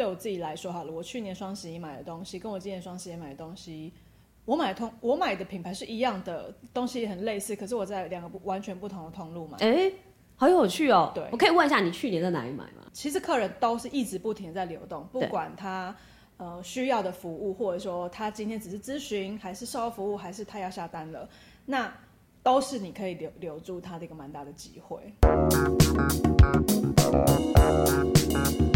對我自己來說好了，我去年雙十一買的東西，跟我今年雙十一買的東西，我買通我買的品牌是一樣的，東西也很類似，可是我在兩個完全不同的通路買。哎、欸，好有趣哦！對，我可以問一下你去年在哪裡買嗎？其實客人都是一直不停的在流動，不管他呃需要的服務，或者說他今天只是諮詢，還是售後服務，還是他要下單了，那都是你可以留留住他的一個蠻大的機會。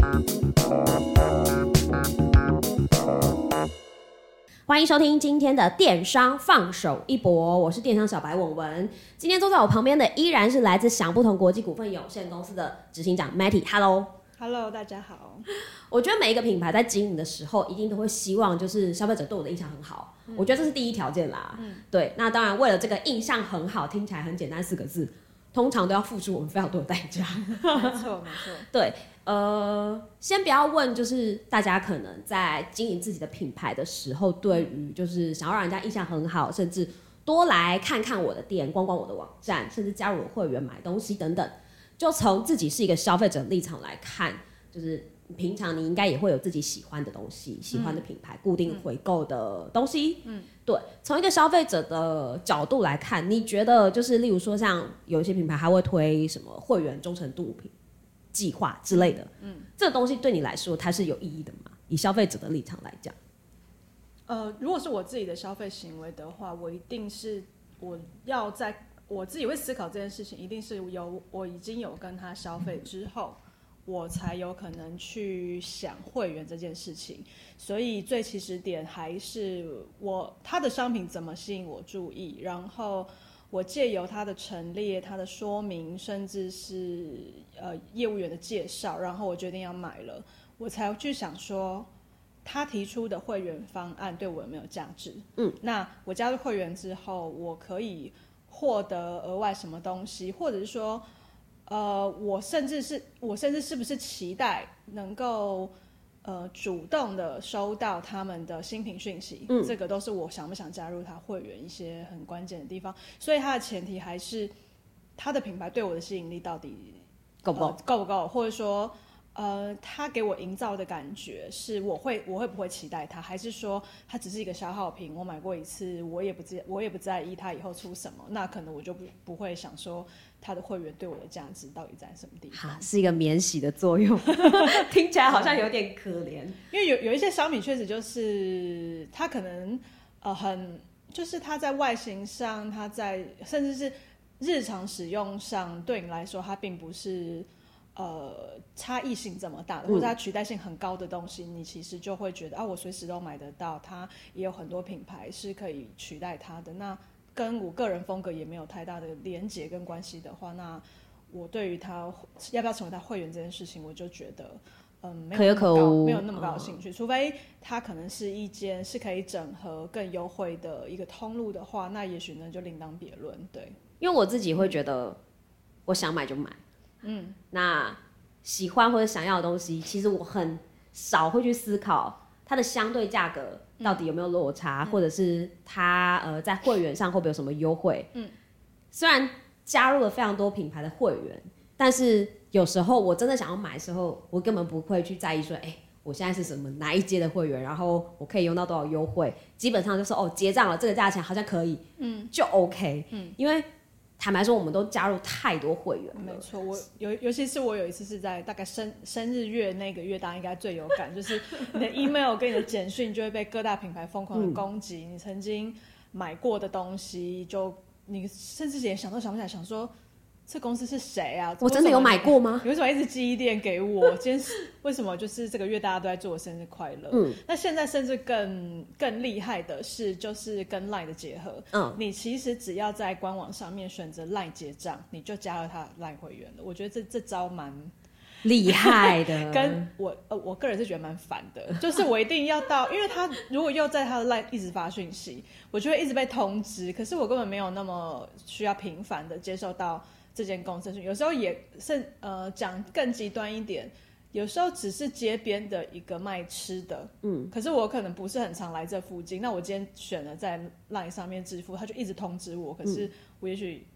歡迎收聽今天的電商放手一搏，哦，我是電商小白文文。今天坐在我旁邊的依然是來自想不同國際股份有限公司的執行長 Matty，Hello。Hello，Hello，大家好。我覺得每一個品牌在經營的時候，一定都會希望就是消費者對我的印象很好。嗯，我覺得這是第一條件啦。嗯，對。那當然，為了這個印象很好，聽起來很簡單四個字，通常都要付出我們非常多的代價。 沒錯，沒錯，對。呃，先不要問，就是大家可能在經營自己的品牌的時候，對於就是想要讓人家印象很好，甚至多來看看我的店、逛逛我的網站，甚至加入我會員買東西等等，就從自己是一個消費者的立場來看，就是平常你應該也會有自己喜歡的東西、嗯、喜歡的品牌、固定回購的東西嗯。嗯，對，從一個消費者的角度來看，你覺得就是例如說像有一些品牌還會推什麼會員忠誠度物品計劃之類的，嗯，這個東西對你來說它是有意義的嗎？以消費者的立場來講，呃，如果是我自己的消費行為的話，我一定是我要在我自己會思考這件事情，一定是有我已經有跟他消費之後，我才有可能去想會員這件事情。所以最起始點還是我，他的商品怎麼吸引我注意，然後。我借由他的陳列、他的說明，甚至是呃業務員的介紹，然後我決定要買了，我才去想說，他提出的會員方案對我有沒有價值？嗯，那我加入會員之後，我可以獲得額外什麼東西，或者是說，呃，我甚至是，我甚至是不是期待能夠？呃，主動的收到他們的新品訊息，嗯，這個都是我想不想加入他會員一些很關鍵的地方，所以它的前提還是，他的品牌對我的吸引力到底夠不夠，呃，夠不夠，或者說。呃，它給我營造的感覺是我會我會不會期待它，還是說它只是一個消耗品？我買過一次，我也不在，我也不在意它以後出什麼。那可能我就不不會想說它的會員對我的價值到底在什麼地方？哈，是一個免洗的作用， 聽起來好像有點可憐。 嗯，因為有有一些商品確實就是它可能呃很，就是它在外形上，它在甚至是日常使用上，對你來說它並不是。呃，差異性這麼大的，或者它取代性很高的東西，嗯、你其實就會覺得啊，我隨時都買得到，它也有很多品牌是可以取代它的。那跟我個人風格也沒有太大的連結跟關係的話，那我對於他，要不要成為他會員這件事情，我就覺得，嗯，沒有那麼，可有可無，沒有那麼高興趣。哦、除非他可能是一間是可以整合更優惠的一個通路的話，那也許呢就另當別論。對，因為我自己會覺得，我想買就買。嗯，那喜歡或者想要的東西，其實我很少會去思考它的相對價格到底有沒有落差，嗯嗯、或者是它呃在會員上會不會有什麼優惠。嗯，雖然加入了非常多品牌的會員，但是有時候我真的想要買的時候，我根本不會去在意說，誒、欸、我現在是什麼哪一階的會員，然後我可以用到多少優惠。基本上就是說哦，結賬了這個價錢好像可以，嗯，就 OK，嗯，嗯因為。坦白說，我們都加入太多會員了。沒錯，我尤尤其是我有一次是在大概生生日月那個月，大家應該最有感，就是你的 email 跟你的簡訊就會被各大品牌瘋狂的攻擊，嗯。你曾經買過的東西，就你甚至也想都想不起來，想說。這公司是誰啊？我真的有買過嗎？你為什麼一直寄 EDM 給我？ 今天為什麼就是這個月大家都在祝我生日快樂？嗯，那現在甚至更更厲害的是，就是跟賴的結合。嗯，你其實只要在官網上面選擇賴結賬，你就加入他賴會員了。我覺得這這招蠻厲害的， 跟我呃我個人是覺得蠻煩的，就是我一定要到， 因為他如果又在他的賴一直發訊息，我就會一直被通知，可是我根本沒有那麼需要頻繁的接受到，這間公司去，有時候也是呃講更極端一點，有時候只是街邊的一個賣吃的，嗯，可是我可能不是很常來這附近，那我今天選了在 LINE 上面支付，他就一直通知我，可是我也許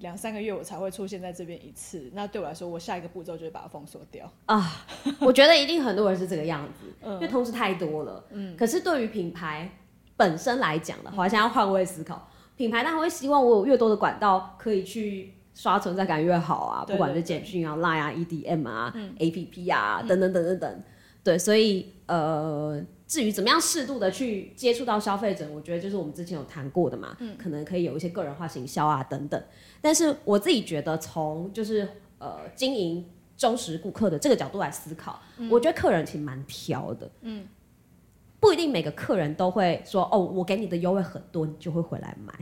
兩三個月我才會出現在這邊一次，那對我來說，我下一個步驟就會把它封鎖掉啊。我覺得一定很多人是這個樣子，嗯，因為通知太多了，嗯，可是對於品牌本身來講的，我還想要換位思考，嗯，品牌他會希望我有越多的管道可以去。刷存在感越好啊對對對，不管是簡訊啊、Line 啊、EDM 啊、嗯、APP 啊，等等等等等等，嗯、對，所以呃，至於怎麼樣適度的去接觸到消費者，我覺得就是我們之前有談過的嘛，嗯、可能可以有一些個人化行銷啊等等。但是我自己覺得，從就是呃經營忠實顧客的這個角度來思考、嗯，我覺得客人其實蠻挑的，嗯，不一定每個客人都會說哦，我給你的優惠很多，你就會回來買，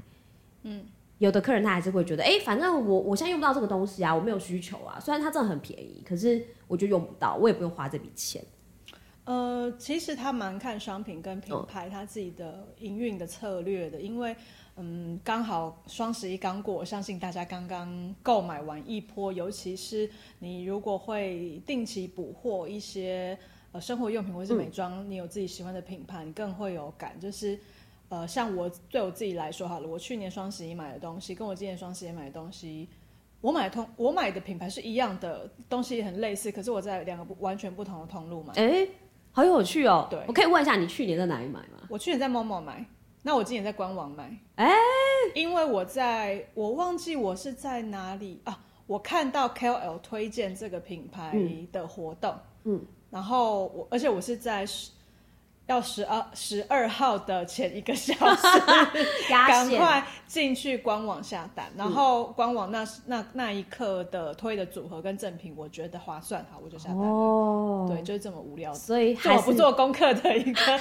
嗯。有的客人他還是會覺得，哎、欸，反正我我現在用不到這個東西啊，我沒有需求啊。雖然它真的很便宜，可是我就用不到，我也不用花這筆錢。呃，其實他蠻看商品跟品牌，他自己的營運的策略的，嗯。因為，嗯，剛好雙十一剛過，我相信大家剛剛購買完一波，尤其是你如果會定期補貨一些，呃、生活用品或者是美妝、嗯，你有自己喜歡的品牌，你更會有感，就是。呃，像我對我自己來說好了，我去年雙十一買的東西，跟我今年雙十一買的東西，我買的通我買的品牌是一樣的，東西也很類似，可是我在兩個完全不同的通路買。哎、欸，好有趣哦！對，我可以問一下你去年在哪裡買嗎？我去年在 momo 買，那我今年在官網買。哎、欸，因為我在我忘記我是在哪裡啊？我看到 KOL 推薦這個品牌的活動，嗯，嗯然後我而且我是在。要十二十二號的前一個小時，趕 快進去官網下單，嗯、然後官網那那那一刻的推的組合跟贈品，我覺得划算好，好我就下單了。哦，對，就是這麼無聊的，所以還是做不做功課的一個消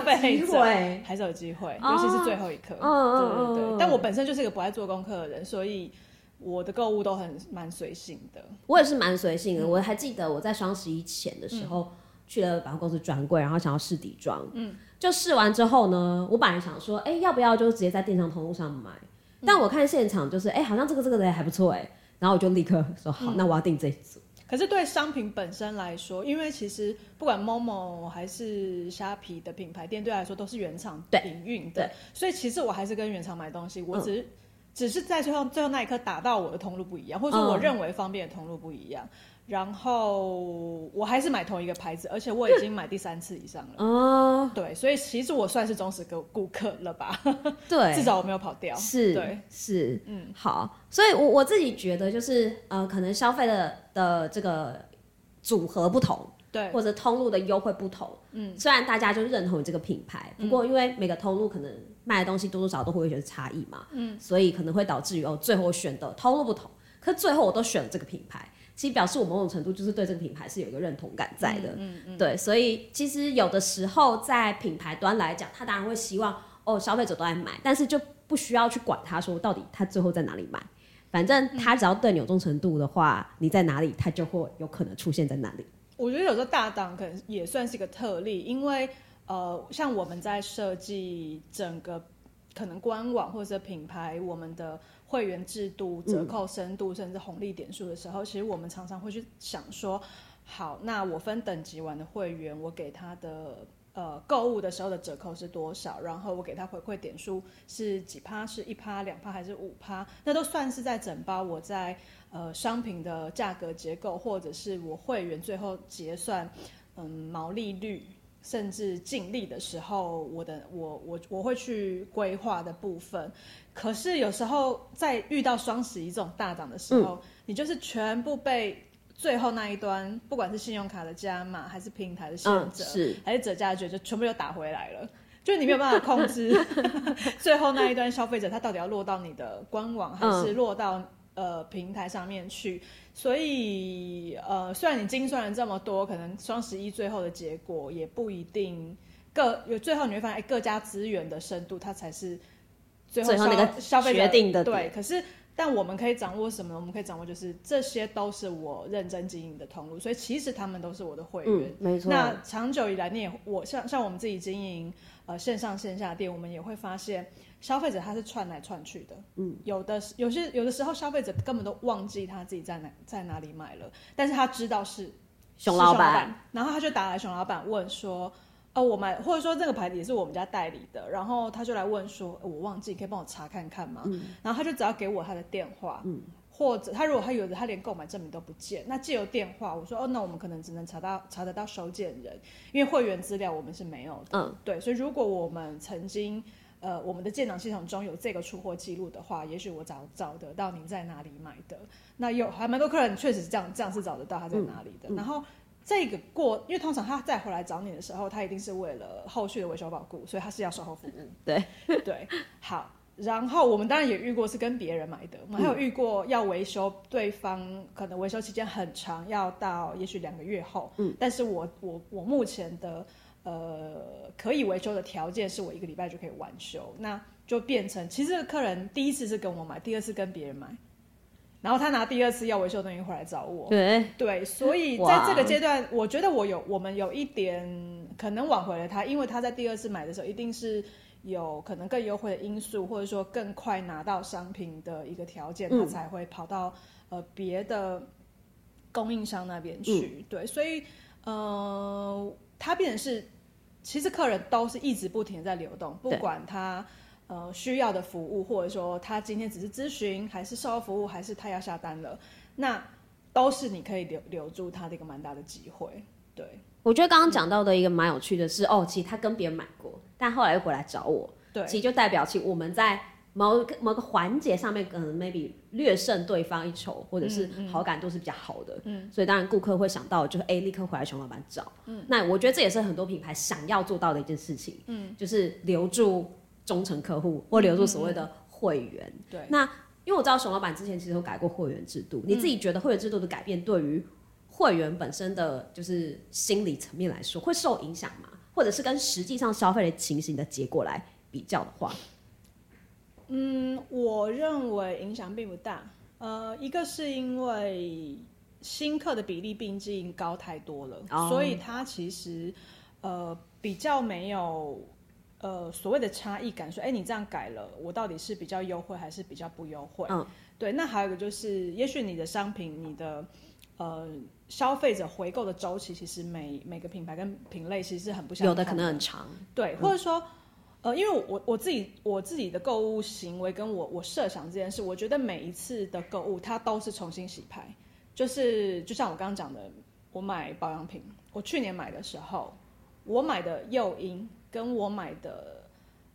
費者，還是有機會，還是有機會、哦，尤其是最後一刻。嗯、哦、對對,對、哦、但我本身就是一個不愛做功課的人，所以我的購物都很蠻隨性的。我也是蠻隨性的，我還記得我在雙十一前的時候。嗯去了百貨公司專櫃，然後想要試底妝，嗯，就試完之後呢，我本來想說，哎，要不要就直接在電商通路上買？嗯、但我看現場就是，哎，好像這個這個人還不錯，哎，然後我就立刻說好、嗯，那我要訂這一組。可是對商品本身來說，因為其實不管 Momo 還是蝦皮的品牌店，對來說都是原廠營運對，對，所以其實我還是跟原廠買東西，我只是、嗯、只是在最後最後那一刻打到我的通路不一樣，或者說我認為方便的通路不一樣。嗯嗯然後我還是買同一個牌子，而且我已經買第三次以上了。哦、嗯呃，對，所以其實我算是忠實的顧客了吧？對呵呵，至少我沒有跑掉。是，對，是，是嗯，好，所以我我自己覺得就是，呃，可能消費的的這個組合不同，對，或者通路的優惠不同，嗯，雖然大家就認同你這個品牌，嗯、不過因為每個通路可能賣的東西多多少少都會有一些差異嘛，嗯，所以可能會導致於哦，最後我選的通路不同，可是最後我都選了這個品牌。其實表示我某種程度就是對這個品牌是有一個認同感在的，嗯嗯嗯，對，所以其實有的時候在品牌端來講，他當然會希望哦消費者都來買，但是就不需要去管他說到底他最後在哪裡買，反正他只要對你有忠誠度的話，嗯，你在哪裡他就會有可能出現在哪裡。我覺得有時候大檔可能也算是一個特例，因為呃像我們在設計整個可能官網或者品牌我們的。會員制度、折扣深度，甚至紅利點數的時候，其實我們常常會去想說，好，那我分等級玩的會員，我給他的呃購物的時候的折扣是多少？然後我給他回饋點數是幾趴，是一趴、兩趴還是五趴？那都算是在整包我在呃商品的價格結構，或者是我會員最後結算嗯毛利率。甚至盡力的時候，我的我我我會去規劃的部分，可是有時候在遇到雙十一這種大漲的時候，嗯、你就是全部被最後那一端，不管是信用卡的加碼，還是平台的限折、哦，還是折價券，就全部又打回來了，就你沒有辦法控制 最後那一端消費者他到底要落到你的官網還是落到、哦。呃，平台上面去，所以呃，雖然你精算了這麼多，可能雙十一最後的結果也不一定各有。最後你會發現，哎、欸，各家資源的深度，它才是最後那個消費決定的。對，可是但我們可以掌握什麼呢？我們可以掌握就是這些都是我認真經營的通路，所以其實他們都是我的會員。嗯、沒錯。那長久以來，你也我像，像我們自己經營呃線上線下店，我們也會發現。消費者他是串來串去的，嗯，有的有些有的時候消費者根本都忘記他自己在哪在哪裡買了，但是他知道是熊老闆，然後他就打來熊老闆問說，呃，哦，我買或者說這個牌子也是我們家代理的，然後他就來問說，哦，我忘記，你可以幫我查看看嗎？嗯，然後他就只要給我他的電話，嗯，或者他如果他有的他連購買證明都不見，那借由電話我說哦，那我們可能只能查到查得到收件人，因為會員資料我們是沒有的，嗯，對，所以如果我們曾經。呃，我們的建檔系統中有這個出貨記錄的話，也許我找找得到您在哪裡買的。那有還蠻多客人確實是這樣，這樣是找得到他在哪裡的。嗯、然後、嗯、這個過，因為通常他再回來找你的時候，他一定是為了後續的維修保固，所以他是要售後服務。嗯、對對，好。然後我們當然也遇過是跟別人買的，我們還有遇過要維修對方、嗯，可能維修期間很長，要到也許兩個月後。嗯，但是我我我目前的。呃，可以維修的條件是我一個禮拜就可以完修，那就變成其實客人第一次是跟我買，第二次跟別人買，然後他拿第二次要維修的東西回來找我，對、欸、對，所以在這個階段，我覺得我有我們有一點可能挽回了他，因為他在第二次買的時候，一定是有可能更優惠的因素，或者說更快拿到商品的一個條件，他才會跑到、嗯、呃別的供應商那邊去、嗯，對，所以呃，他變成是。其實客人都是一直不停地在流動，不管他呃需要的服務，或者說他今天只是諮詢，還是售後服務，還是他要下單了，那都是你可以留留住他的一個蠻大的機會。對，我覺得剛剛講到的一個蠻有趣的是，嗯、哦，其實他跟別人買過，但後來又回來找我，對，其實就代表其實我們在某個某個環節上面可能 maybe 略勝對方一籌，或者是好感度是比較好的，嗯，嗯，所以當然顧客會想到就哎、是欸、立刻回來熊老闆找，嗯，那我覺得這也是很多品牌想要做到的一件事情，嗯，就是留住忠誠客戶、嗯、或留住所謂的會員，對、嗯嗯，那因為我知道熊老闆之前其實有改過會員制度、嗯，你自己覺得會員制度的改變對於會員本身的就是心理層面來說會受影響嗎？或者是跟實際上消費的情形的結果來比較的話？嗯，我認為影響並不大。呃，一個是因為新客的比例畢竟高太多了，Oh. 所以它其實呃比較沒有呃所謂的差異感。說，哎、欸，你這樣改了，我到底是比較優惠還是比較不優惠？嗯、Oh.，對。那還有一個就是，也許你的商品、你的呃消費者回購的周期，其實每每個品牌跟品類其實是很不相的有的可能很長，對，或者說。嗯呃，因為我我自己我自己的購物行為，跟我我設想這件事，我覺得每一次的購物它都是重新洗牌，就是就像我剛剛講的，我買保養品，我去年買的時候，我買的誘因跟我買的，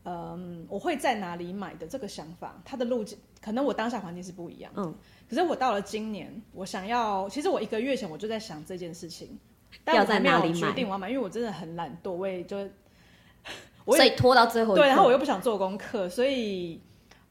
嗯、呃，我會在哪裡買的這個想法，它的路徑可能我當下環境是不一樣，嗯，可是我到了今年，我想要，其實我一個月前我就在想這件事情，要在哪裡決定我要，買，要買，因為我真的很懶惰，我也就所以拖到最後，對，然後我又不想做功課，所以，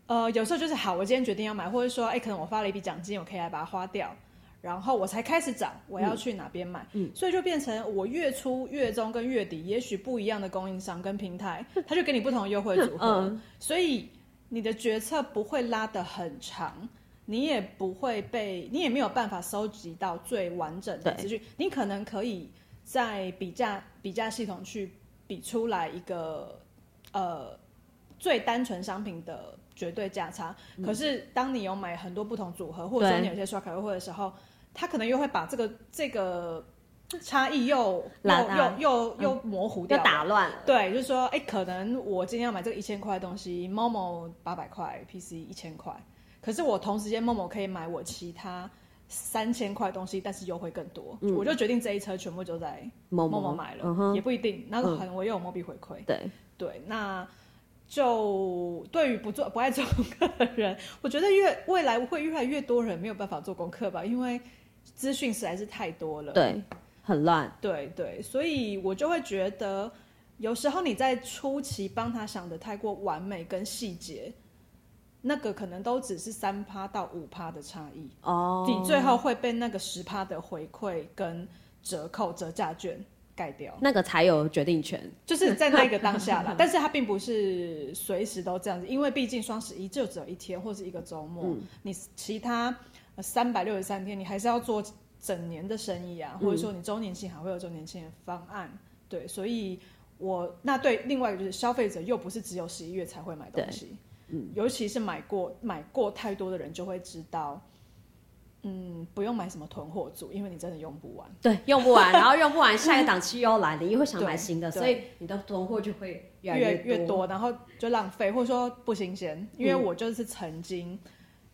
呃，有時候就是好，我今天決定要買，或者說，哎、欸，可能我發了一筆獎金，我可以來把它花掉，然後我才開始找，我要去哪邊買，嗯？嗯，所以就變成我月初、月中跟月底，也許不一樣的供應商跟平台，他就給你不同的優惠組合、 嗯，所以你的決策不會拉得很長，你也不會被，你也沒有辦法收集到最完整的資訊，你可能可以在比價比價系統去。比出來一個，呃，最單純商品的絕對價差，嗯。可是當你有買很多不同組合，或者說你有些刷卡優惠的時候，它可能又會把這個這個差異又又懶又又，又模糊掉，又打亂。對，就是說，哎，可能我今天要買這個一千塊的東西，Momo 八百塊，PC 一千塊。可是我同時間 Momo 可以買我其他。三千塊東西，但是優惠更多，嗯，我就決定這一車全部就在某某買了，也不一定，那個可能我又有某幣回饋，嗯。對對，那就對於不做不愛做功課的人，我覺得越未來會越來越多人沒有辦法做功課吧，因為資訊實在是太多了，對，很亂，對對，所以我就會覺得有時候你在初期幫他想的太過完美跟細節。那個可能都只是三趴到五趴的差異哦，你、oh. 最後會被那個十趴的回饋跟折扣折價券蓋掉，那個才有決定權，就是在那個當下啦， 但是它並不是隨時都這樣子，因為畢竟雙十一就只有一天或者一個週末、嗯，你其他三百六十三天你還是要做整年的生意啊，嗯，或者說你周年慶還會有周年慶的方案。對，所以我那對另外一個就是消費者又不是只有十一月才會買東西。嗯、尤其是買過買過太多的人就會知道，嗯，不用買什麼囤貨組，因為你真的用不完。對，用不完， 然後用不完，下一檔期又要來，你、嗯、又會想買新的，所以你的囤貨就會越來越多越、越多，然後就浪費或者說不新鮮。因為我就是曾經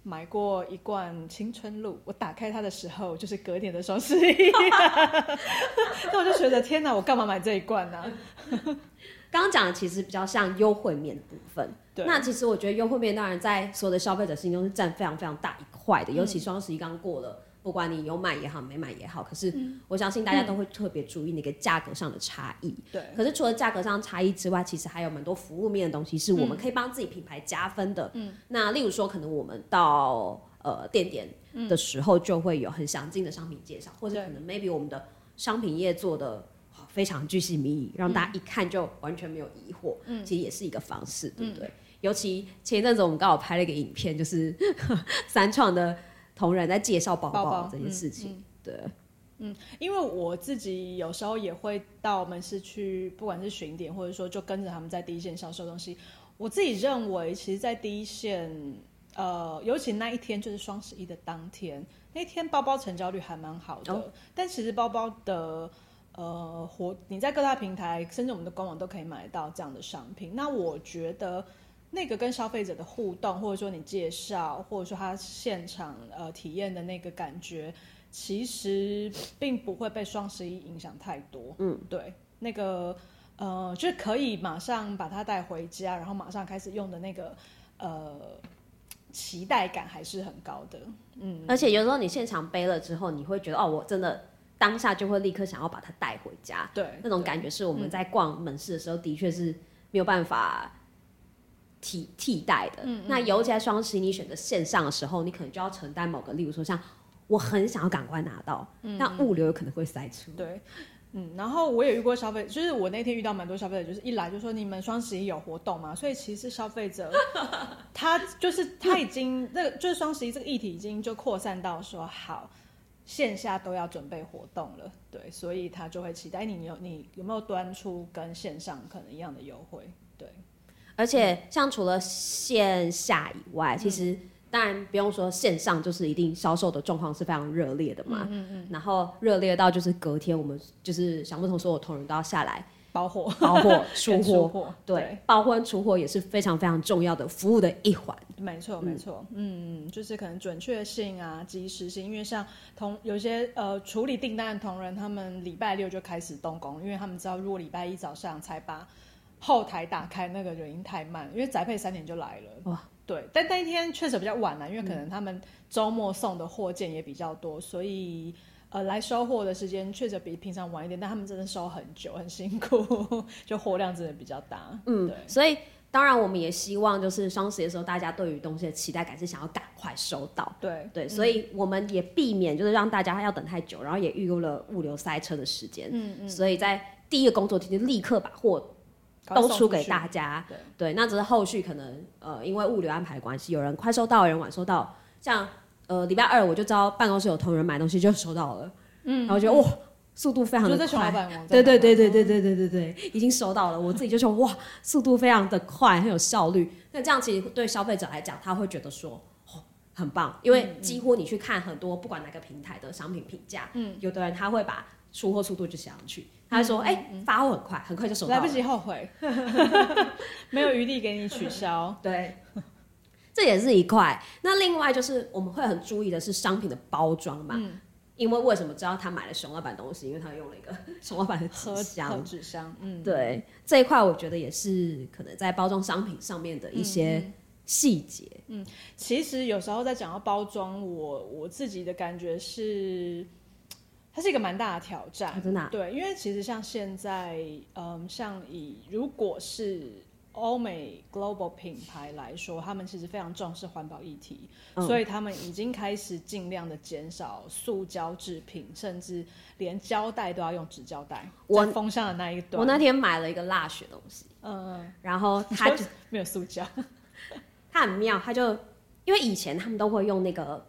買過一罐青春露，嗯、我打開它的時候就是隔天的雙十一，那 我就覺得天哪、啊，我幹嘛買這一罐呢、啊？ 剛剛講的其實比較像優惠面的部分，那其實我覺得優惠面當然在所有的消費者心中是佔非常非常大一塊的、嗯，尤其雙十一剛過了，不管你有買也好，沒買也好，可是我相信大家都會特別注意那個價格上的差異。對、嗯，可是除了價格上差異之外，其實還有蠻多服務面的東西是我們可以幫自己品牌加分的。嗯，那例如說，可能我們到呃店點的時候就會有很詳盡的商品介紹，嗯、或者可能 maybe 我們的商品頁做的非常巨細靡遺，讓大家一看就完全沒有疑惑。嗯，其實也是一個方式，嗯、對不對、嗯？尤其前一陣子我們剛好拍了一個影片，就是 三創的同仁在介紹包包這件事情包包、嗯嗯。對，嗯，因為我自己有時候也會到門市去，不管是巡店或者說就跟着他們在第一線銷售東西。我自己認為，其實，在第一線，呃，尤其那一天就是雙十一的當天，那天包包成交率還蠻好的，哦、但其實包包的。呃，活，你在各大平台，甚至我們的官網都可以買到這樣的商品。那我覺得，那個跟消費者的互動，或者說你介紹，或者說他現場呃體驗的那個感覺，其實並不會被雙十一影響太多。嗯，對，那個呃，就是可以馬上把它帶回家，然後馬上開始用的那個呃期待感還是很高的。嗯，而且有時候你現場背了之後，你會覺得哦，我真的。當下就會立刻想要把它帶回家，對，那種感覺是我們在逛門市的時候，的確是沒有辦法替、嗯、替代的、嗯。那尤其在雙十一，你選擇線上的時候、嗯，你可能就要承擔某個，例如說像我很想要趕快拿到，那、嗯、物流有可能會塞車。對，嗯，然後我也遇過消費，就是我那天遇到蠻多消費者，就是一來就說你們雙十一有活動嘛，所以其實消費者 他就是他已經 那個就是雙十一這個議題已經就擴散到說好。線下都要準備活動了，對，所以他就會期待你有你有沒有端出跟線上可能一樣的優惠，對。而且像除了線下以外，其實當然不用說線上，就是一定銷售的狀況是非常熱烈的嘛，嗯嗯。然後熱烈到就是隔天我們就是想不同，所有同仁都要下來。包貨、 包貨、出貨，對，包貨出貨也是非常非常重要的服務的一環。沒錯，沒錯、嗯，嗯，就是可能準確性啊、及時性，因為像同有些呃處理訂單的同仁，他們禮拜六就開始動工，因為他們知道如果禮拜一早上才把後台打開，那個原因太慢，因為宅配三點就來了。哇，對，但那一天確實比較晚了，啊，因為可能他們週末送的貨件也比較多，嗯，所以。呃，來收貨的時間確實比平常晚一點，但他們真的收很久，很辛苦，就貨量真的比較大。嗯，對，所以當然我們也希望，就是雙十一的時候，大家對於東西的期待感是想要趕快收到。對對、嗯，所以我們也避免就是讓大家要等太久，然後也預留了物流塞車的時間。嗯嗯，所以在第一個工作期間立刻把貨都出給大家。對對，那只是後續可能呃，因為物流安排關係，有人快收到，有人晚收到，像呃，禮拜二我就知道辦公室有同仁買東西就收到了，嗯，然後我覺得哇，速度非常的快，對對對對對對對對，對，對，對已經收到了， 我自己就說哇，速度非常的快，很有效率。那這樣其實對消費者來講，他會覺得說，哦，很棒，因為幾乎你去看很多不管哪個平台的商品評價，嗯，有的人他會把出貨速度就寫上去，他說，哎、嗯欸嗯，發貨很快，很快就收到了，來不及後悔， 沒有餘地給你取消， 對。這也是一塊。那另外就是我們會很注意的是商品的包裝嘛，嗯、因為為什麼知道他買了熊老板東西？因為他用了一個呵呵熊老板的紙箱。紙箱，嗯，對這一塊，我覺得也是可能在包裝商品上面的一些細節。嗯，嗯其實有時候在講到包裝我，我我自己的感覺是，它是一個蠻大的挑戰。啊、真的、啊，對，因為其實像現在，嗯，像以如果是。歐美 global 品牌來說，他們其實非常重視環保議題，嗯，所以他們已經開始儘量的減少塑膠製品，甚至連膠帶都要用紙膠帶。我封箱的那一段，我那天買了一個辣雪東西，嗯嗯，然後他就沒有塑膠，它 很妙，他就因為以前他們都會用那個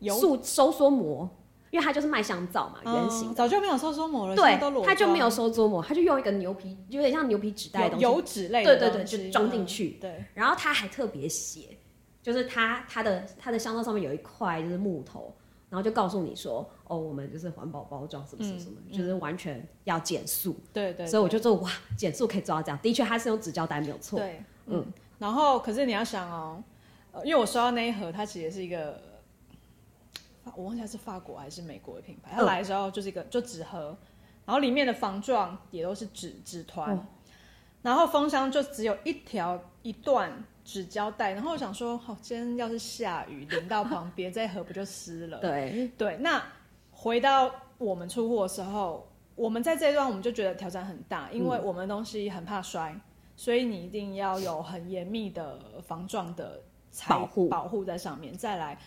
塑收縮膜。因為它就是賣香皂嘛，嗯、原型早就沒有收縮膜了，對，它就沒有收縮膜，它就用一個牛皮，就有點像牛皮紙袋的東西，油紙類的，對對對，嗯、就裝進去、嗯。對，然後它還特別寫，就是它它的它的香皂上面有一塊就是木頭，然後就告訴你說，哦、喔，我們就是環保包裝，什麼什麼什麼、嗯，就是完全要減塑。對、嗯、對，所以我就說哇，減塑可以做到這樣，的確它是用紙膠帶沒有錯。對，嗯，然後可是你要想哦、喔呃，因為我收到那一盒，它其實是一個。啊、我忘記是法國還是美國的品牌。它來的時候就是一個、嗯、就紙盒，然後裡面的防撞也都是紙紙團，然後封箱就只有一條一段紙膠帶。然後我想說，好、哦，今天要是下雨淋到旁邊，這 盒不就濕了？對對。那回到我們出貨的時候，我們在這一段我們就覺得挑戰很大，因為我們的東西很怕摔，嗯、所以你一定要有很嚴密的防撞的保護保護在上面，再來。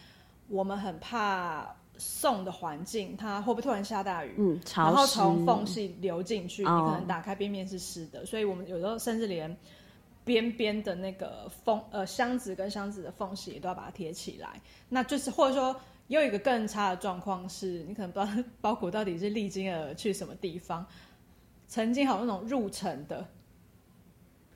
我們很怕送的環境，它會不會突然下大雨？嗯，然後從縫隙流進去、嗯，你可能打開邊邊是濕的、哦。所以我們有時候甚至連邊邊的那個縫呃，箱子跟箱子的縫隙也都要把它貼起來。那就是或者說，又有一個更差的狀況是，你可能不知道包裹到底是歷經了去什麼地方，曾經好像那種入城的，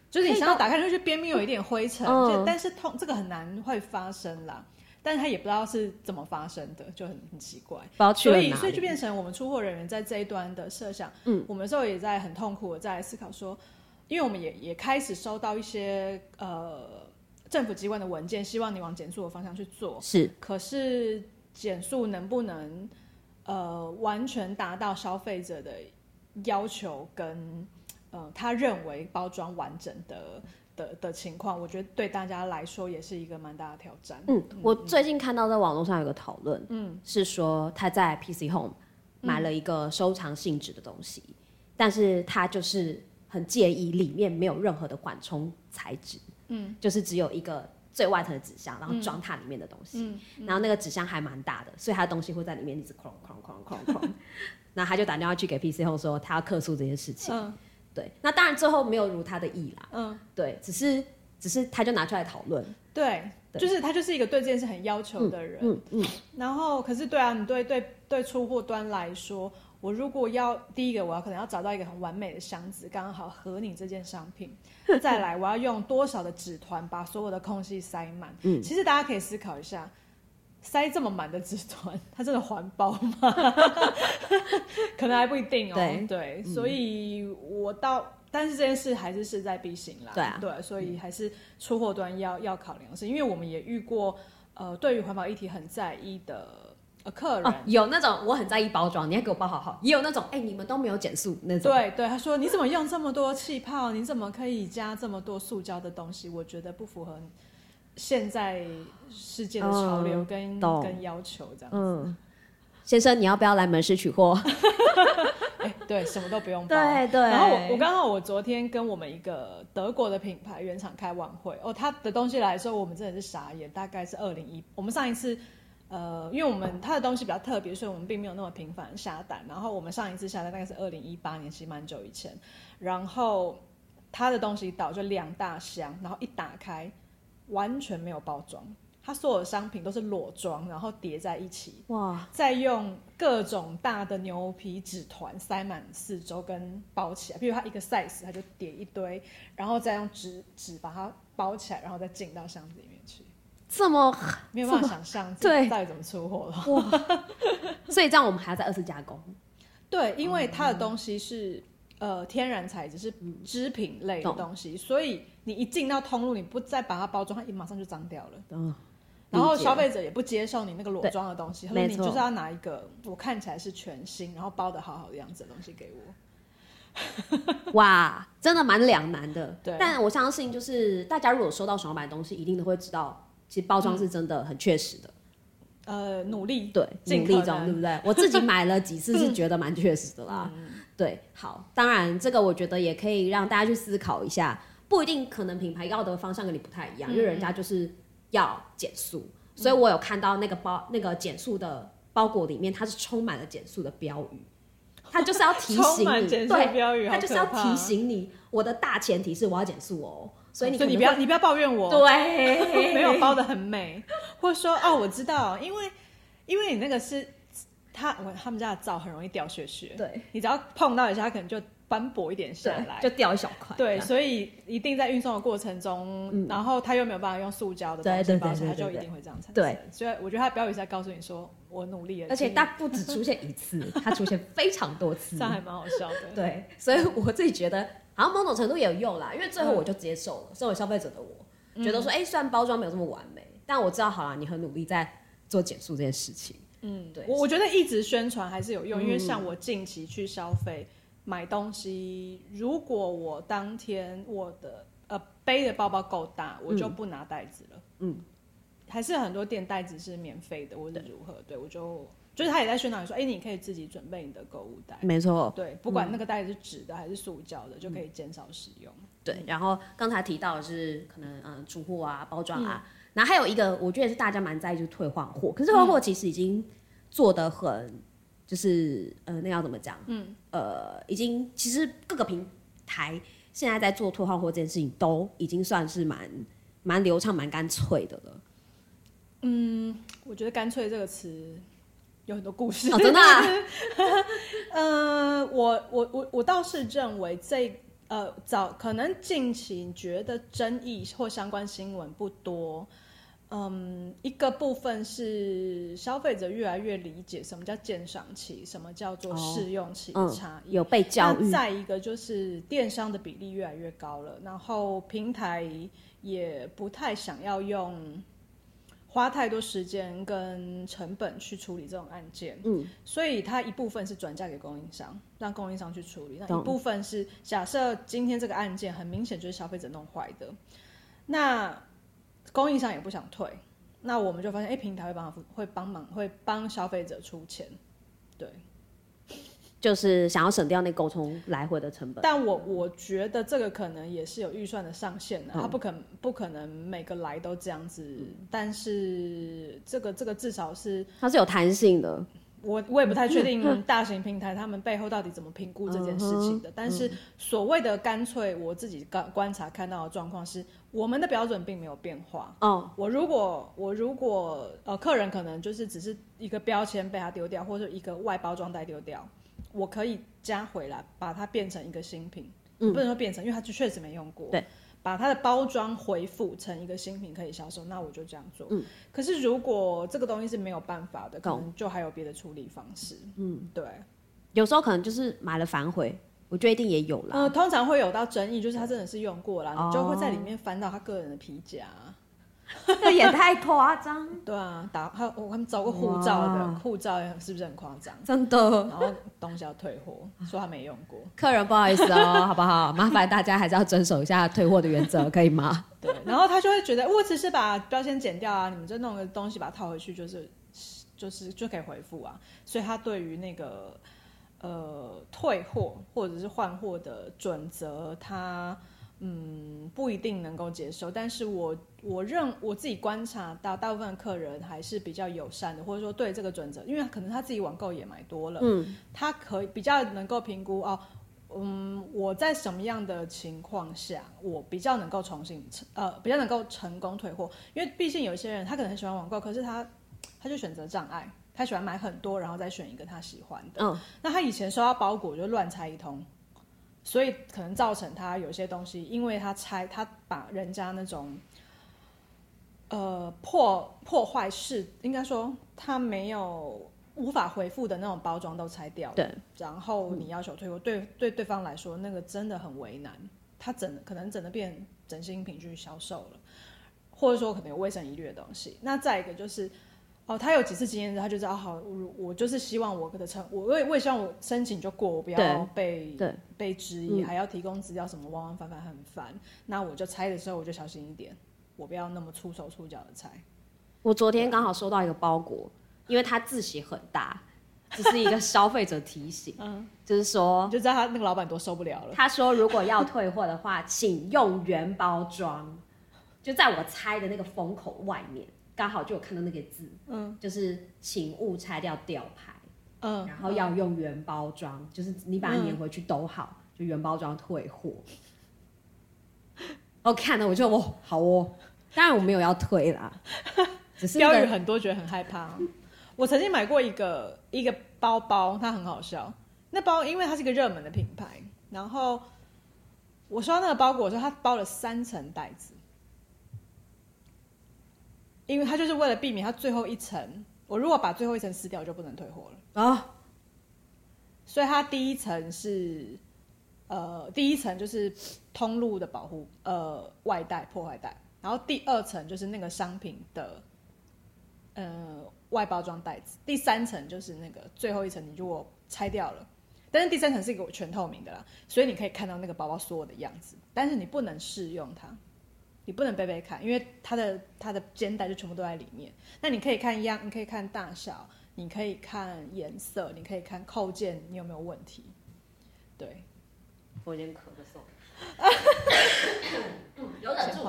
就是你想要打開，出去，邊邊有一點灰塵、嗯。但是通這個很難會發生啦。但他也不知道是怎麼發生的，就很很奇怪。所以，所以就變成我們出貨人員在這一端的設想。嗯，我們那時候也在很痛苦的在思考說，因為我們也也開始收到一些呃政府機關的文件，希望你往減塑的方向去做。是，可是減塑能不能呃完全達到消費者的要求跟，呃他認為包裝完整的？的的情況，我覺得對大家來說也是一個蠻大的挑戰。嗯，嗯，我最近看到在網絡上有個討論，嗯，是說他在 PC Home 買了一個收藏性質的東西，嗯，但是他就是很介意裡面沒有任何的緩衝材質，嗯，就是只有一個最外層的紙箱，然後裝他裡面的東西，嗯，然後那個紙箱還蠻大的，所以他的東西會在裡面一直哐哐哐哐哐，那 他就打電話去給 PC Home 說他要客訴這件事情。嗯對，那當然最後沒有如他的意啦。嗯，對，只是只是他就拿出來討論。對，就是他就是一個對這件事很要求的人。嗯，嗯，嗯。然後，可是對啊，你對對對出貨端來說，我如果要第一個，我要可能要找到一個很完美的箱子，剛好合你這件商品。 再來，我要用多少的紙團把所有的空隙塞滿？嗯，其實大家可以思考一下。塞這麼滿的紙團，它真的環保嗎？ 可能還不一定哦。對，對、嗯、所以我到，但是這件事還是勢在必行啦。對、啊、對所以還是出貨端要、嗯、要考量是，因為我們也遇過，呃，對於環保議題很在意的、呃、客人、哦，有那種我很在意包裝，你要給我包好好。也有那種，哎、欸，你們都沒有減塑那種。對對，他說你怎麼用這麼多氣泡？你怎麼可以加這麼多塑膠的東西？我覺得不符合。現在世界的潮流跟、嗯、跟要求這樣子、嗯，先生，你要不要來門市取貨 欸？對，什麼都不用辦，對，對。然後我我剛好我昨天跟我們一個德國的品牌原廠開晚會哦，他的東西來說，我們真的是傻眼。大概是二零一，我們上一次呃，因為我們他的東西比較特別，所以我們並沒有那麼頻繁下單。然後我們上一次下單大概是二零一八年，其實蠻久以前。然後他的東西到就兩大箱，然後一打開。完全沒有包裝，它所有的商品都是裸裝，然後疊在一起，哇！再用各種大的牛皮紙團塞滿四周，跟包起來。譬如它一個 size，它就疊一堆，然後再用紙紙把它包起來，然後再進到箱子裡面去。這麼沒有辦法想象，對，到底怎麼出貨哇！ 所以這樣我們還要再二次加工。對，因為它的東西是、嗯、呃天然材質，是織品類的東西，嗯、所以。你一進到通路，你不再把它包裝，它一馬上就髒掉了。嗯，然後消費者也不接受你那個裸裝的東西，所以你就是要拿一個我看起來是全新，然後包的好好的樣子的東西給我。 哇，真的蠻兩難的。對，但我相信就是大家如果收到想買的東西，一定都會知道，其實包裝是真的很確實的、嗯。呃，努力對，努力中，對不對？我自己買了幾次是覺得蠻確實的啦、嗯。對，好，當然這個我覺得也可以讓大家去思考一下。不一定，可能品牌要的方向跟你不太一樣，嗯、因為人家就是要減塑、嗯，所以我有看到那個包那個減塑的包裹裡面，它是充滿了減塑的標語，它就是要提醒你， 的標語對，它就是要提醒你，我的大前提是我要減塑哦，所以你、哦、所以你不要你不要抱怨我，對， 沒有包得很美，或者說哦，我知道，因為因為你那個是他我他們家的皂很容易掉屑屑，對你只要碰到一下，他可能就。斑駁一點下來，就掉一小塊。對，所以一定在運送的過程中、嗯，然後他又沒有辦法用塑膠的方式，他就一定會這樣產生。對，對，對，對，所以我覺得他的標語是在告訴你說：“我努力。”而且他不只出現一次， 他出現非常多次。這還蠻好笑的。對，所以我自己覺得，好像某種程度也有用啦。因為最後我就接受了，作、嗯、為消費者的我，覺得說：“哎、欸，雖然包裝沒有這麼完美，但我知道，好啦，你很努力在做減塑這件事情。”嗯，對。我我覺得一直宣傳還是有用、嗯，因為像我近期去消費。買東西，如果我當天我的呃背的包包夠大，我就不拿袋子了。嗯，還是很多店袋子是免費的，無論如何，對，對我就就是他也在宣傳說，哎、欸，你可以自己準備你的購物袋，沒錯，對，不管那個袋子是紙的還是塑膠的、嗯，就可以減少使用。對，然後剛才提到的是可能、呃煮貨啊啊、嗯出貨啊包裝啊，然後還有一個我覺得是大家蠻在意就是退換貨，可是退換貨其實已經做得很。嗯就是呃，那要怎麼講？嗯，呃，已經其實各個平台現在在做退換貨這件事情，都已經算是蠻蠻流暢、蠻乾脆的了。嗯，我覺得“乾脆”這個詞有很多故事好、哦、真的、啊。嗯、呃，我我我我倒是認為這呃早可能近期覺得爭議或相關新聞不多。嗯，一個部分是消費者越來越理解什麼叫鑑賞期，什麼叫做試用期的差異、哦嗯、有被教育。再一個就是電商的比例越來越高了，然後平台也不太想要用花太多時間跟成本去處理這種案件，嗯，所以它一部分是轉嫁給供應商，讓供應商去處理。那一部分是假設今天這個案件很明顯就是消費者弄壞的，那。供應商也不想退，那我們就發現，欸、平台會幫會幫忙，會幫消費者出錢，對，就是想要省掉那溝通來回的成本。但我我覺得這個可能也是有預算的上限的，他、嗯、不可能不可能每個來都這樣子，嗯、但是這個這個至少是它是有彈性的。我我也不太確定大型平台他們背後到底怎麼評估這件事情的，但是所謂的乾脆，我自己剛觀察看到的狀況是，我們的標準並沒有變化。嗯，我如果我如果呃客人可能就是只是一個標籤被他丟掉，或者一個外包裝袋丟掉，我可以加回來，把它變成一個新品。嗯，不能說變成，因為它確實沒用過。對。把它的包裝恢復成一個新品可以銷售，那我就這樣做。嗯，可是如果這個東西是沒有辦法的，可能就還有別的處理方式。嗯，對，有時候可能就是買了反悔，我覺得一定也有啦。呃，嗯，通常會有到爭議，就是他真的是用過了，你就會在裡面翻到他個人的皮夾。哦 這也太誇張！ 對啊，打他，我他們找個護照的護照，啊、護照是不是很誇張？真的。然後東西要退貨， 說他沒用過。客人不好意思哦， 好不好？麻煩大家還是要遵守一下退貨的原則， 可以嗎？對。然後他就會覺得，我只是把標籤剪掉啊，你們就弄個東西把它套回去，就是，就是就是就可以回復啊。所以他對於那個呃退貨或者是換貨的準則，他。嗯，不一定能夠接受，但是我我認我自己觀察到，大部分的客人還是比較友善的，或者說對這個準則，因為可能他自己網購也買多了，嗯，他可以比較能夠評估哦，嗯，我在什麼樣的情況下，我比較能夠重新呃比較能夠成功退貨，因為畢竟有一些人他可能很喜歡網購，可是他他就選擇障礙，他喜歡買很多然後再選一個他喜歡的，嗯、哦，那他以前收到包裹就亂拆一通。所以可能造成他有些東西，因為他拆，他把人家那種，呃破破壞式，應該說他沒有無法回復的那種包裝都拆掉，對。然後你要求退貨、嗯，對對對方來說那個真的很為難，他整可能整的變整新品去銷售了，或者說可能有衛生疑慮的東西。那再一個就是。哦，他有幾次經驗，他就知、是、道，哦，好，我就是希望我的稱，我我也希望我申請就過，我不要被對對被質疑、嗯，還要提供資料什麼汪汪范范范，彎彎返返很煩。那我就拆的時候我就小心一點，我不要那麼粗手粗腳的拆。我昨天剛好收到一個包裹，哦、因為他字寫很大，只是一個消費者提醒， 嗯，就是說，就在他那個老板都受不了了。他說，如果要退貨的話， 請用原包裝，就在我拆的那個封口外面。剛好就有看到那個字，嗯，就是請勿拆掉吊牌，嗯，然後要用原包裝，嗯，就是你把它粘回去都好，嗯，就原包裝退貨。哦，Oh，看了我就哦，好哦，當然我沒有要退啦， 只是標語很多，覺得很害怕，哦。 我曾經買過一個一個包包，它很好笑，那包因為它是個熱門的品牌，然後我收到那個包裹，我說它包了三層袋子。因為它就是為了避免它最後一層，我如果把最後一層撕掉，我就不能退貨了啊。所以它第一層是，呃，第一層就是通路的保護，呃，外帶破壞袋。然後第二層就是那個商品的，呃，外包裝袋子。第三層就是那個最後一層，你如果拆掉了，但是第三層是一個全透明的啦，所以你可以看到那個包包所有的樣子，但是你不能試用它。你不能背背看，因為它的它的肩帶就全部都在裡面。那你可以看樣，你可以看大小，你可以看顏色，你可以看扣件，你有沒有問題？對，我有點 咳嗽。有點住。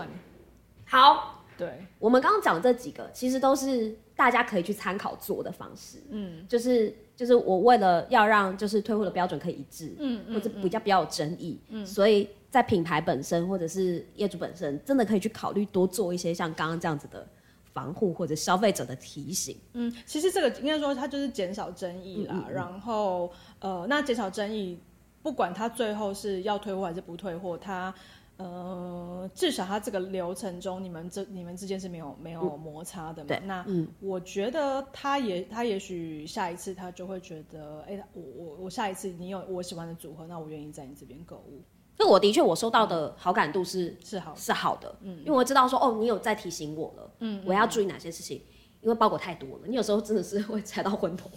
好，對，我們剛剛講的這幾個，其實都是大家可以去參考做的方式。嗯，就是就是我為了要讓就是退貨的標準可以一致，嗯嗯，嗯，或者比較比較有爭議，嗯，所以。在品牌本身或者是業主本身，真的可以去考慮多做一些像剛剛這樣子的防護或者消費者的提醒。嗯，其實這個應該說它就是減少爭議啦。嗯嗯嗯。然後呃，那減少爭議，不管他最後是要退貨還是不退貨，他呃，至少他這個流程中，你們這你們之間是沒有沒有摩擦的嘛。嗯、對。那我覺得他也他也許下一次他就會覺得，哎、欸，我我我下一次你有我喜歡的組合，那我願意在你這邊購物。所以我的確，我收到的好感度是是好是好的，嗯，因為我知道說哦，你有在提醒我了，嗯，我要注意哪些事情，嗯，因為包裹太多了，你有時候真的是會拆到昏頭，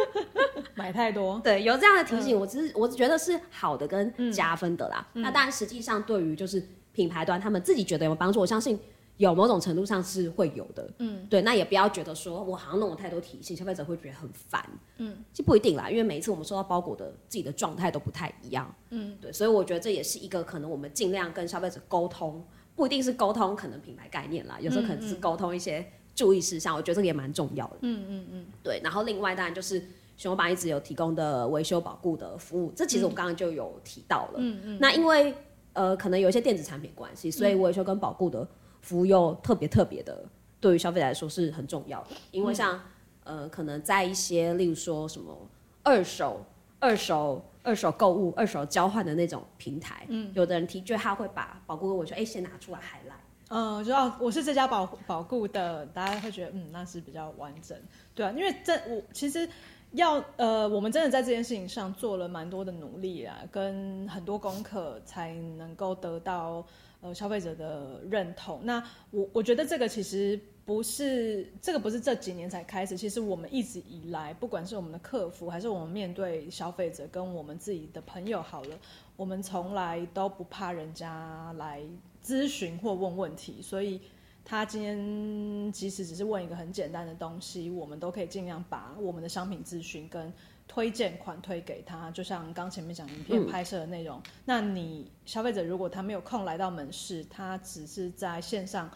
買太多，對，有這樣的提醒，嗯、我只是我覺得是好的跟加分的啦。嗯、那當然，實際上對於就是品牌端，他們自己覺得有沒有幫助我，我相信。有某種程度上是會有的，嗯，對，那也不要覺得說我好像弄了太多提醒，消費者會覺得很煩，嗯，這不一定啦，因為每一次我們收到包裹的自己的狀態都不太一樣，嗯，對，所以我覺得這也是一個可能我們盡量跟消費者溝通，不一定是溝通，可能品牌概念啦，有時候可能是溝通一些注意事項，嗯嗯，我覺得這個也蠻重要的，嗯嗯嗯，對，然後另外當然就是熊本一直有提供的維修保固的服務，這其實我剛剛就有提到了，嗯嗯，嗯，那因為呃可能有一些電子產品關係，所以維修跟保固的。服務又特別特別的，對於消費者來說是很重要的。因為像，嗯、呃，可能在一些例如說什麼二手、二手、二手購物、二手交換的那種平台，嗯，有的人提就會他會把保固給我，我說哎、欸，先拿出來還來。嗯，知道我是這家保保固的，大家會覺得嗯，那是比較完整，對啊，因為這我其實要呃，我們真的在這件事情上做了蠻多的努力啊，跟很多功課才能夠得到。呃，消費者的認同。那我我覺得這個其實不是，這個不是這幾年才開始。其實我們一直以來，不管是我們的客服，還是我們面對消費者，跟我們自己的朋友好了，我們從來都不怕人家來諮詢或問問題。所以他今天即使只是問一個很簡單的東西，我們都可以盡量把我們的商品諮詢跟。推薦款推給他，就像剛前面講影片拍攝的內容、嗯。那你消費者如果他沒有空來到門市，他只是在線上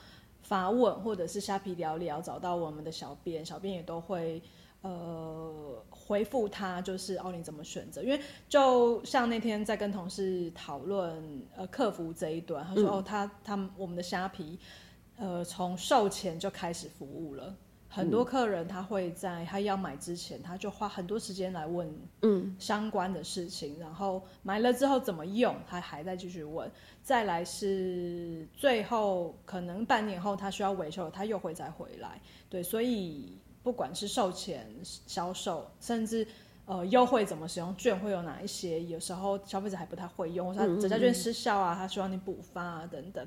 發問或者是蝦皮聊聊，找到我們的小編，小編也都會呃回復他，就是哦你怎麼選擇。因為就像那天在跟同事討論呃客服這一端，他說、嗯、哦，他他們我們的蝦皮呃從售前就開始服務了。很多客人他會在他要買之前，他就花很多時間來問，嗯，相關的事情，然後買了之後怎麼用，他還在繼續問。再來是最後可能半年後他需要維修，他又會再回來。對，所以不管是售前銷售，甚至呃優惠怎麼使用，券會有哪一些，有時候消費者還不太會用，或者折價券失效啊，他需要你補發啊等等。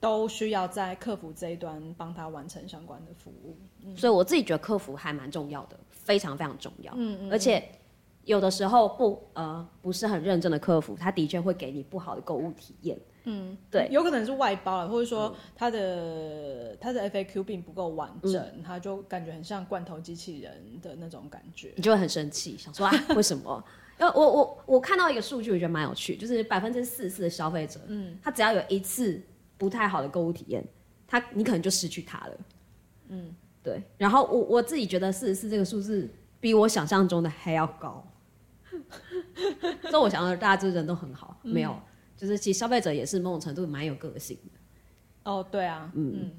都需要在客服這一端幫他完成相關的服務，嗯，所以我自己覺得客服還蠻重要的，非常非常重要。嗯嗯。而且有的時候不、嗯、呃不是很認真的客服，他的確會給你不好的購物體驗。嗯，對嗯。有可能是外包了，或者說他的他、嗯、的 FAQ 並不夠完整，他、嗯、就感覺很像罐頭機器人的那種感覺，你就會很生氣，想說，啊、 為什麼？因為我我我看到一個數據，我覺得蠻有趣，就是百分之四十四的消費者，嗯，他只要有一次。不太好的購物體驗，他你可能就失去他了，嗯，對。然後我我自己覺得，四十四這個數字比我想象中的還要高。 所以我想到大家就是人都很好、嗯，沒有，就是其實消費者也是某種程度蠻有個性的。哦，對啊，嗯。嗯，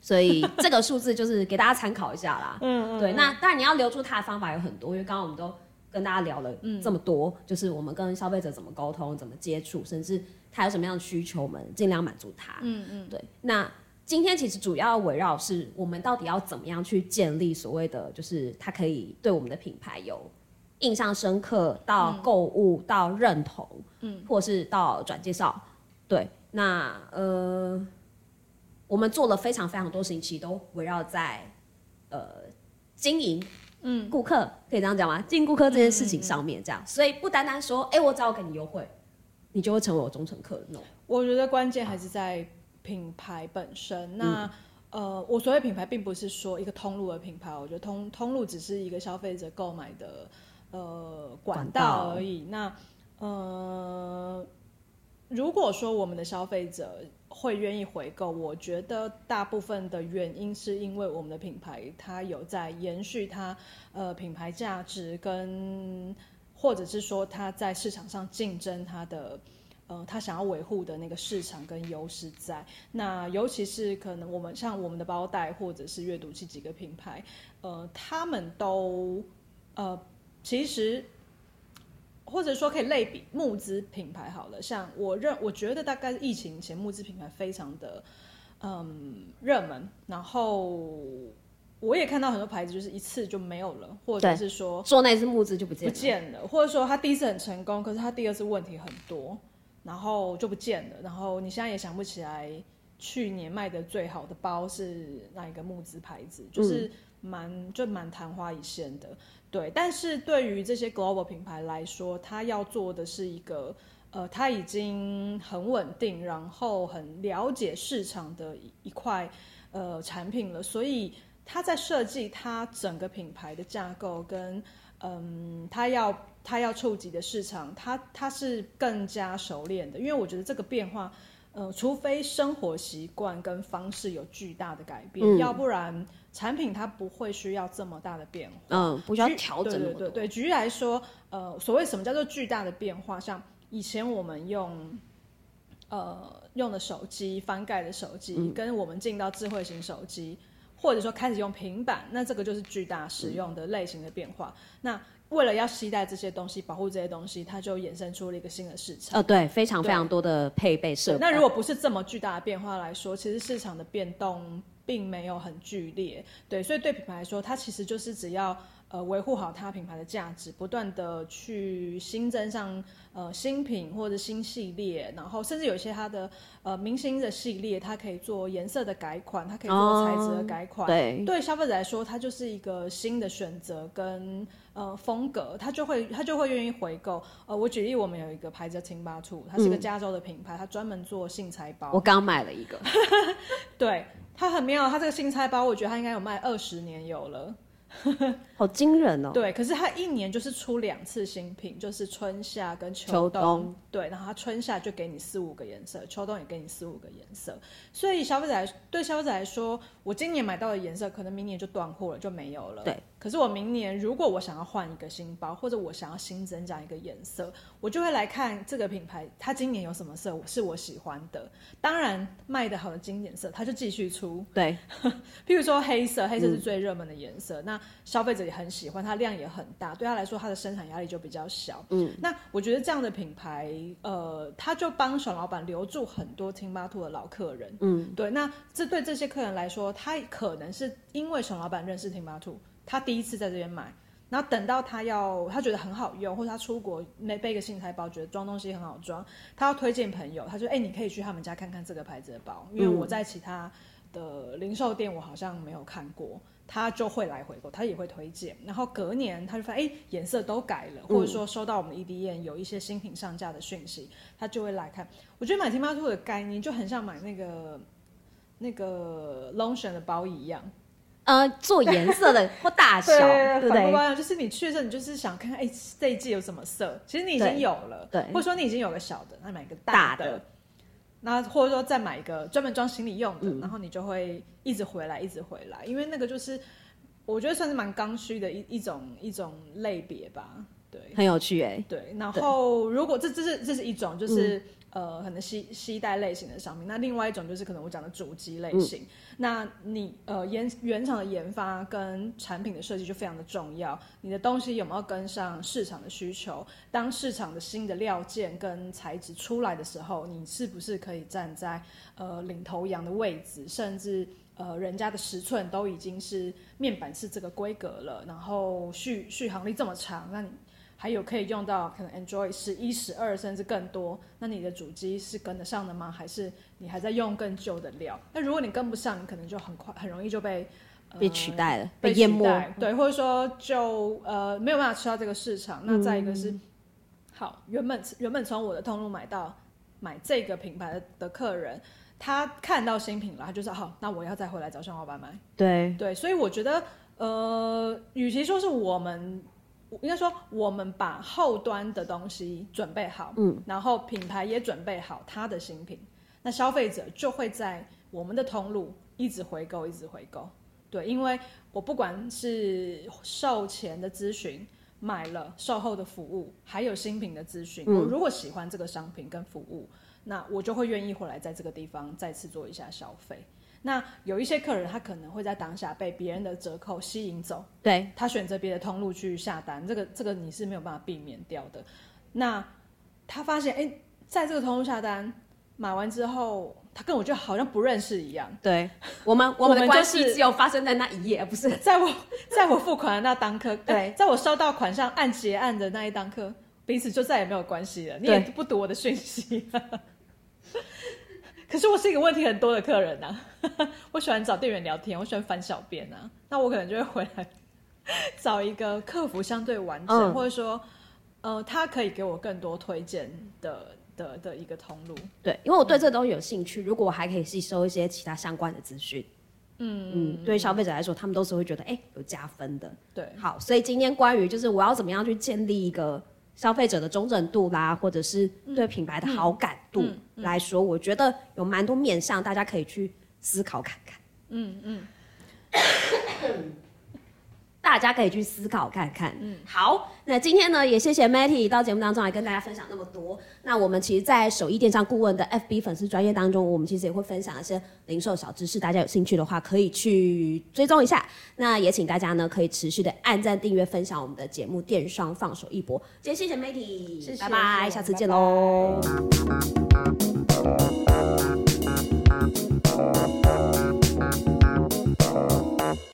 所以這個數字就是給大家參考一下啦。嗯， 對。那當然你要留住他的方法有很多，因為剛剛我們都跟大家聊了這麼多，嗯、就是我們跟消費者怎麼溝通、怎麼接觸，甚至。還有什麼樣的需求，我們盡量滿足他。嗯嗯，對。那今天其實主要圍繞是我們到底要怎麼樣去建立所謂的，就是他可以對我們的品牌有印象深刻，到購物到認同，嗯，或是到轉介紹、嗯。對。那呃，我們做了非常非常多事情，其實都圍繞在呃經營，嗯，顧客可以這樣講嗎？經營顧客這件事情上面，這樣、嗯嗯嗯。所以不單單說，哎、欸，我只要給你優惠。你就會成為我忠誠客人。我覺得關鍵還是在品牌本身。啊、那、嗯、呃，我所謂品牌，並不是說一個通路的品牌。我覺得通通路只是一個消費者購買的呃管道而已。那呃，如果說我們的消費者會願意回購，我覺得大部分的原因是因為我們的品牌它有在延續它呃品牌價值跟。或者是說他在市場上競爭他的，呃，他想要維護的那個市場跟優勢在那，尤其是可能我們像我們的包袋或者是閱讀器幾個品牌，呃，他們都呃，其實或者說可以類比募資品牌好了，像我認我覺得大概疫情前募資品牌非常的嗯熱門，然後。我也看到很多牌子，就是一次就沒有了，或者是說做那一次募資就不見了不見了，或者說他第一次很成功，可是他第二次問題很多，然後就不見了。然後你現在也想不起來去年賣的最好的包是哪一個募資牌子，就是蠻、嗯、就蠻曇花一現的。對，但是對於這些 global 品牌來說，他要做的是一個呃他已經很穩定，然後很了解市場的一一塊呃產品了，所以。他在設計他整個品牌的架構跟，嗯，他要他要觸及的市場，他他是更加熟練的，因為我覺得這個變化，嗯、呃，除非生活習慣跟方式有巨大的改變、嗯，要不然產品它不會需要這麼大的變化，嗯，不需、嗯、要調整這麼多。對對對，舉例來說，呃，所謂什麼叫做巨大的變化，像以前我們用，呃，用的手機翻蓋的手機，跟我們進到智慧型手機。嗯或者說開始用平板，那這個就是巨大使用的類型的變化。嗯、那為了要攜帶這些東西，保護這些東西，它就衍生出了一個新的市場。呃、哦，對，非常非常多的配備設備。那如果不是這麼巨大的變化來說，其實市場的變動並沒有很劇烈。對，所以對品牌來說，它其實就是只要。呃，維護好它品牌的價值，不斷的去新增上呃新品或者新系列，然後甚至有一些它的呃明星的系列，它可以做顏色的改款，它可以做材質的改款。Oh, 對，對消費者來說，它就是一個新的選擇跟呃風格，他就會他就會願意回購。呃，我舉例，我們有一個牌子 t i 兔 b 它是一個加州的品牌，它專門做信材包。我剛買了一個， 對它很妙，它這個信材包，我覺得它應該有賣二十年有了。 好驚人哦！對，可是他一年就是出兩次新品，就是春夏跟秋冬，秋冬。對，然後他春夏就給你四五個顏色，秋冬也給你四五個顏色。所以消費者來，對消費者來說，我今年買到的顏色，可能明年就斷貨了，就沒有了。對。可是我明年如果我想要換一個新包，或者我想要新增加一個顏色，我就會來看這個品牌，它今年有什麼色是我喜歡的。當然賣的好的經典色，它就繼續出。對， 譬如說黑色，黑色是最熱門的顏色。嗯，那消費者也很喜歡，它量也很大，對他來說，它的生產壓力就比較小。嗯，那我覺得這樣的品牌，呃，他就幫沈老闆留住很多 Timbuk2 的老客人。嗯，對，那這對這些客人來說，他可能是因為沈老闆認識 Timbuk2 他第一次在這邊買，然後等到他要，他覺得很好用，或者他出國那背個新台包，覺得裝東西很好裝，他要推薦朋友，他說：“哎、欸，你可以去他們家看看這個牌子的包，因為我在其他的零售店我好像沒有看過。”他就會來回購，他也會推薦。然後隔年他就發現，哎、欸，顏色都改了，或者說收到我們的 EDM 有一些新品上架的訊息，他就會來看。我覺得買 TOMATO 的概念，就很像買那個那個 Longchamp 的包一樣。呃，做顏色的 或大小，對對不對不，就是你去的時候，你就是想看看，哎、欸，這一季有什麼色？其實你已經有了，對，對或者說你已經有個小的，那買一個大的，那或者說再買一個專門裝行李用的、嗯，然後你就會一直回來，一直回來，因為那個就是我覺得算是蠻剛需的一一種一種類別吧，對，很有趣，哎、欸，對，然後如果這這是這是一種，就是。嗯呃，可能攜攜帶類型的商品，那另外一種就是可能我講的主機類型。嗯、那你呃研原廠的研發跟產品的設計就非常的重要。你的東西有沒有跟上市場的需求？當市場的新的料件跟材質出來的時候，你是不是可以站在呃領頭羊的位置？甚至呃人家的尺寸都已經是面板是這個規格了，然後續續航力這麼長，那你？還有可以用到可能 Android 十一、十二，甚至更多。那你的主機是跟得上的嗎？還是你還在用更舊的料？那如果你跟不上，你可能就很快，很容易就被、呃、被取代了，被取代，被淹沒。對，或者說就呃沒有辦法吃到這個市場。那再一個是，嗯、好，原本原本從我的通路買到買這個品牌的客人，他看到新品了，他就說好，那我要再回來找上夥伴買。對對，所以我覺得呃，與其說是我們。應該說，我們把後端的東西準備好，嗯，然後品牌也準備好它的新品，那消費者就會在我們的通路一直回購，一直回購。對，因為我不管是售前的諮詢、買了售後的服務，還有新品的諮詢、嗯，我如果喜歡這個商品跟服務，那我就會願意回來在這個地方再次做一下消費。那有一些客人，他可能會在當下被別人的折扣吸引走，對，他選擇別的通路去下單，這個這個你是沒有辦法避免掉的。那他發現，哎、欸，在這個通路下單買完之後，他跟我就好像不認識一樣。對，我們我們的關係、 就是、只有發生在那一頁，不是在我在我付款的那當刻，對、欸，在我收到款項按結案的那一當刻，彼此就再也沒有關係了，你也不讀我的訊息。 可是我是一個問題很多的客人吶、啊，我喜歡找店員聊天，我喜歡翻小便吶、啊，那我可能就會回來找一個客服相對完整，嗯、或者說，呃，他可以給我更多推薦的的的一個通路。對，因為我對這東西有興趣、嗯，如果我還可以吸收一些其他相關的資訊，嗯嗯，對消費者來說，他們都是會覺得哎、欸、有加分的。對，好，所以今天關於就是我要怎麼樣去建立一個消費者的忠誠度啦，或者是對品牌的好感度來說，嗯嗯嗯、我覺得有蠻多面向，大家可以去思考看看。嗯嗯。 大家可以去思考看看，嗯，好，那今天呢也謝謝 Matty 到節目當中來跟大家分享那麼多。那我們其實，在手藝電商顧問的 FB 粉絲專業當中，我們其實也會分享一些零售小知識，大家有興趣的話可以去追蹤一下。那也請大家呢可以持續的按讚、訂閱、分享我們的節目《電商放手一搏》。今天謝謝 Matty，謝謝，拜拜，下次見嘍。拜拜，拜拜。